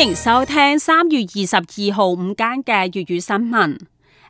歡迎收聽三月二十二號午間嘅粵語新聞。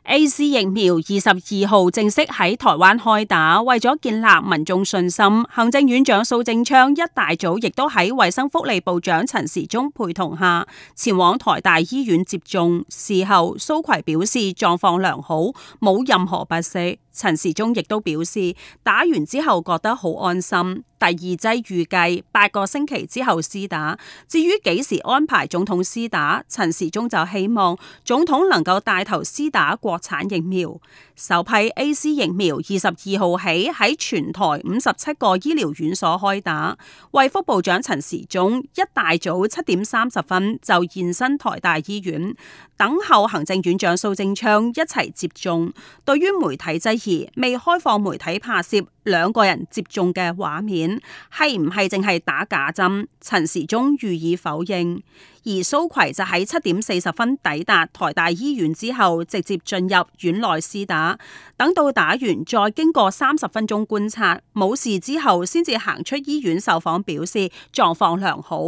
AZ 疫苗二十二號正式喺台灣開打，為咗建立民眾信心，行政院長蘇貞昌一大早亦都喺衛生福利部長陳時中陪同下前往台大醫院接種。事後蘇揆表示狀況良好，冇任何不適。陳時中亦都表示，打完之後覺得好安心。第二劑預計八個星期之後施打。至於幾時安排總統施打，陳時中就希望總統能夠帶頭施打國產疫苗。首批 AZ 疫苗二十二號起喺全台五十七個醫療院所開打。衛福部長陳時中一大早七點三十分就現身台大醫院，等候行政院長蘇貞昌一齊接種。對於媒體制。未開放媒體拍攝兩個人接種嘅畫面，係唔係淨係打假針？陳時中予以否認。而蘇揆就喺七點四十分抵達台大醫院之後，直接進入院內施打，等到打完再經過三十分鐘觀察冇事之後，先至行出醫院受訪，表示狀況良好。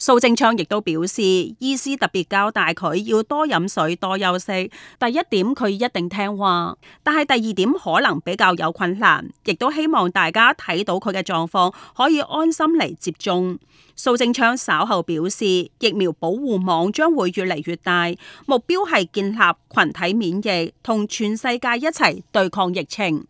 蘇貞昌亦都表示，醫師特別交代佢要多飲水、多休息，第一點佢一定聽話，但係第二點可能比較有困難，亦都希望大家睇到佢嘅狀況可以安心嚟接種。蘇貞昌稍後表示，疫苗保護網將會越嚟越大，目標係建立群體免疫，同全世界一齊對抗疫情。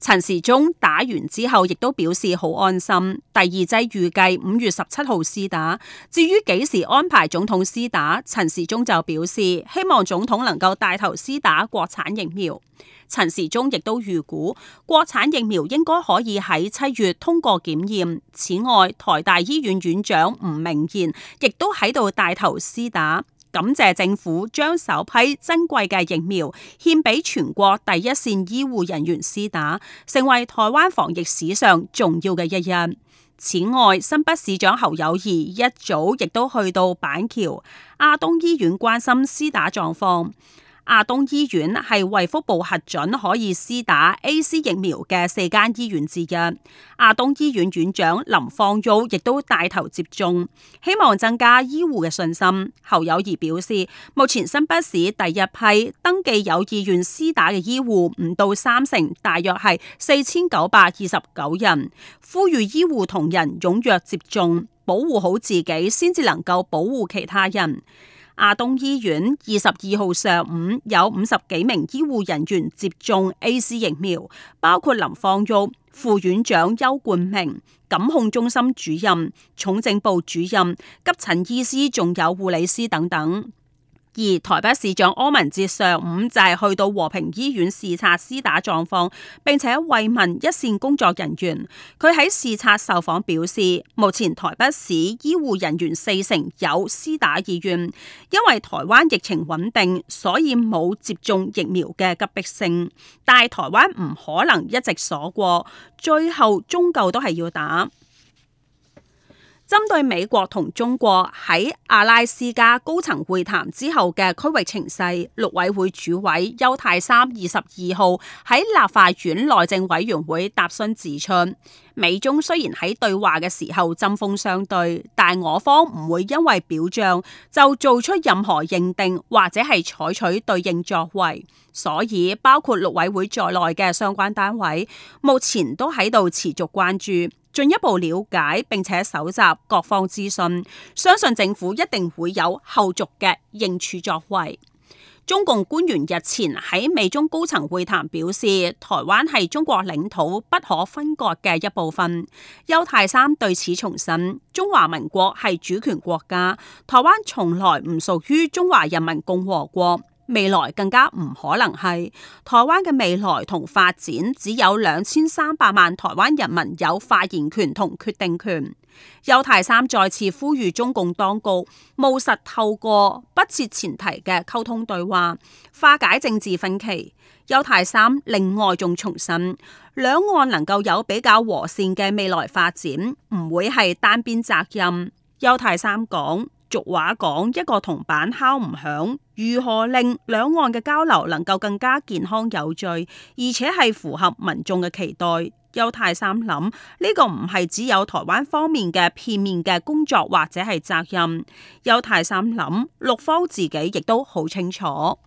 陳時中打完之後，亦都表示好安心。第二劑預計五月十七號施打，至於幾時安排總統施打，陳時中就表示希望總統能夠帶頭施打國產疫苗。陳時中亦都預估國產疫苗應該可以喺七月通過檢驗。此外，台大醫院院長吳明賢亦都喺度帶頭施打。感謝政府將首批珍貴嘅疫苗獻俾全國第一線醫護人員施打，成為台灣防疫史上重要嘅一日。此外，新北市長侯友宜一早亦都去到板橋亞東醫院關心施打狀況。亞東醫院係衛福部核准可以施打 AZ 疫苗嘅四間醫院之一。亞東醫院院長林放旭亦都帶頭接種，希望增加醫護嘅信心。侯友宜表示，目前新北市第一批登記有意願施打嘅醫護唔到三成，大約係四千九百二十九人，呼籲醫護同仁踊躍接種，保護好自己，先至能夠保護其他人。亞東醫院二十二號上午有五十幾名醫護人員接種 AZ 疫苗，包括林芳郁、副院長邱冠明、感控中心主任、重症部主任、急診醫師，仲有護理師等等。而台北市長柯文哲上午就係去到和平醫院視察施打狀況，並且慰問一線工作人員。佢喺視察受訪表示，目前台北市醫護人員四成有施打意願，因為台灣疫情穩定，所以冇接種疫苗嘅急迫性，但係台灣唔可能一直鎖國，最後終究都係要打。針對美國同中國喺阿拉斯加高層會談之後嘅區域情勢，陸委會主委邱太三二十二號喺立法院內政委員會答詢指出。美中雖然喺對話嘅時候針鋒相對，但我方唔會因為表象就做出任何認定或者係採取對應作為，所以包括陸委會在內嘅相關單位，目前都喺度持續關注，進一步了解並且搜集各方資訊，相信政府一定會有後續嘅應處作為。中共官員日前喺美中高層會談表示，台灣係中國領土不可分割嘅一部分。邱太三對此重申，中華民國係主權國家，台灣從來唔屬於中華人民共和國，未來更加唔可能係台灣嘅未來同發展，只有兩千三百萬台灣人民有發言權同決定權。邱太三再次呼籲中共當局務實透過不設前提嘅溝通對話化解政治分歧。邱太三另外仲重申，兩岸能夠有比較和善嘅未來發展，唔會係單邊責任。邱太三講：俗話講一個銅板敲唔響，如何令兩岸嘅交流能夠更加健康有序，而且係符合民眾嘅期待？邱太三諗呢、這個唔係只有台灣方面嘅片面嘅工作或者係責任，邱太三諗陸方自己亦都好清楚。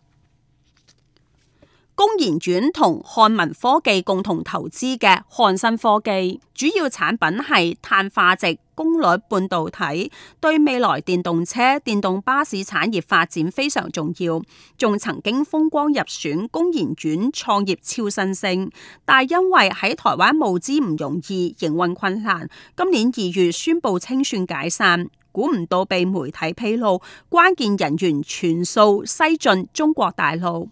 工研院同漢民科技共同投資嘅漢新科技，主要產品係碳化矽功率半導體，對未來電動車、電動巴士產業發展非常重要。仲曾經風光入選工研院創業超新星，但因為喺台灣募資唔容易，營運困難，今年二月宣布清算解散。估唔到被媒體披露關鍵人員全數西進中國大陸。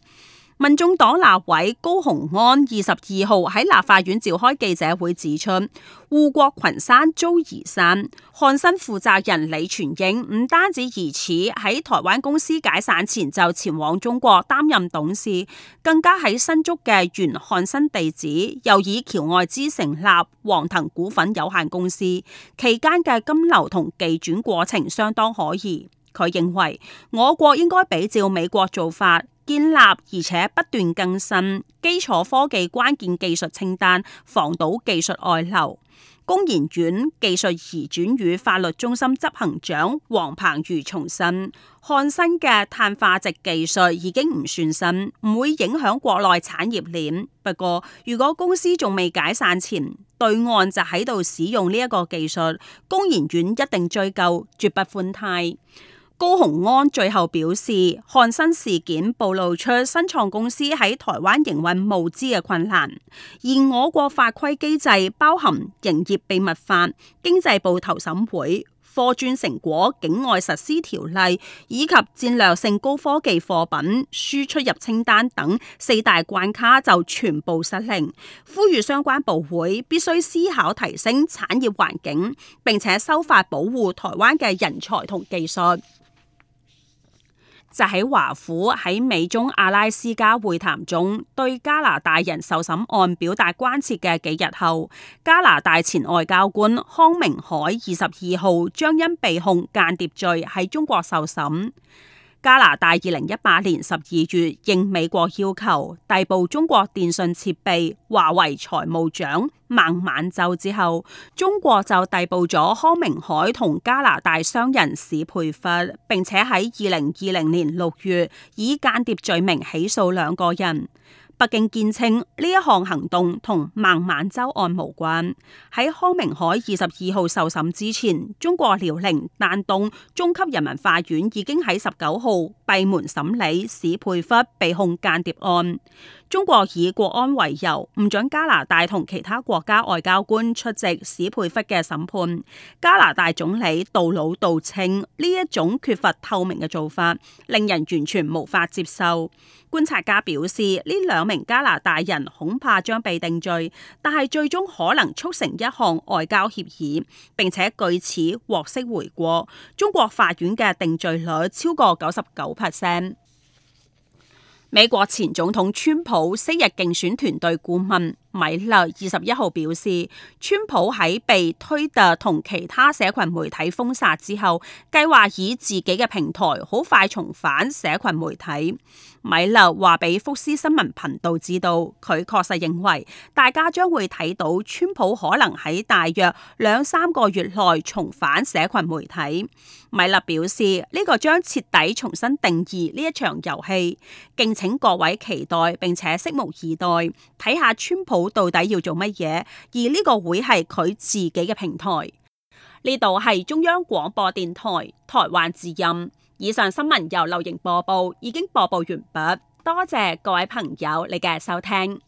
民眾黨立委高虹安二十二號喺立法院召開記者會指出，護國群山遭移山，漢新負責人李全英唔單止疑似喺台灣公司解散前就前往中國擔任董事，更加喺新竹嘅原漢新地址又以僑外資成立黃騰股份有限公司，期間嘅金流同技轉過程相當可疑。佢認為我國應該比照美國做法。建立而且不斷更新基礎科技關鍵技術清單，防堵技術外流。工研院技術移轉與法律中心執行長黃鵬如重申：漢新嘅碳化矽技術已經唔算新，唔會影響國內產業鏈。不過，如果公司仲未解散前，對岸就喺度使用呢一個技術，工研院一定追究，絕不寬貸。高虹安最後表示，漢新事件暴露出新創公司喺台灣營運募資嘅困難，而我國法規機制包含營業秘密法、經濟部投審會、科專成果境外實施條例以及戰略性高科技貨品輸出入清單等四大關卡就全部失靈，呼籲相關部會必須思考提升產業環境，並且修法保護台灣嘅人才同技術。就喺華府喺美中阿拉斯加會談中對加拿大人受審案表達關切嘅幾日後，加拿大前外交官康明凱二十二號將因被控間諜罪喺中國受審。加拿大二零一八年十二月應美國要求逮捕中國電信設備華為財務長孟晚舟之後，中國就逮捕咗康明凱同加拿大商人史培發，並且喺二零二零年六月以間諜罪名起訴兩個人。北京堅稱呢一項行，行動同孟晚舟案無關。喺康明凱二十二號受審之前，中國遼寧丹東中級人民法院已經喺十九號閉門審理史佩弗被控間諜案。中國以國安為由，唔准加拿大同其他國家外交官出席史佩弗嘅審判。加拿大總理杜魯道稱呢一種缺乏透明嘅做法，令人完全無法接受。觀察家表示，呢兩名加拿大人恐怕將被定罪，但係最終可能促成一項外交協議，並且據此獲釋回國。中國法院嘅定罪率超過九十九 percent。美國前總統川普昔日競選團隊顧問。米勒二十一號表示，川普喺被推特同其他社群媒體封殺之後，計劃以自己嘅平台好快重返社群媒體。米勒話俾福斯新聞頻道知道，佢確實認為大家將會睇到川普可能喺大約兩三個月內重返社群媒體。米勒表示，呢個將徹底重新定義呢一場遊戲，敬請各位期待並且拭目以待，睇下川普到底要做乜嘢？而呢個會係佢自己嘅平台。呢度係中央廣播電台台灣之音。以上新聞由流瑩播報，已經播報完畢。多謝各位朋友你嘅收聽。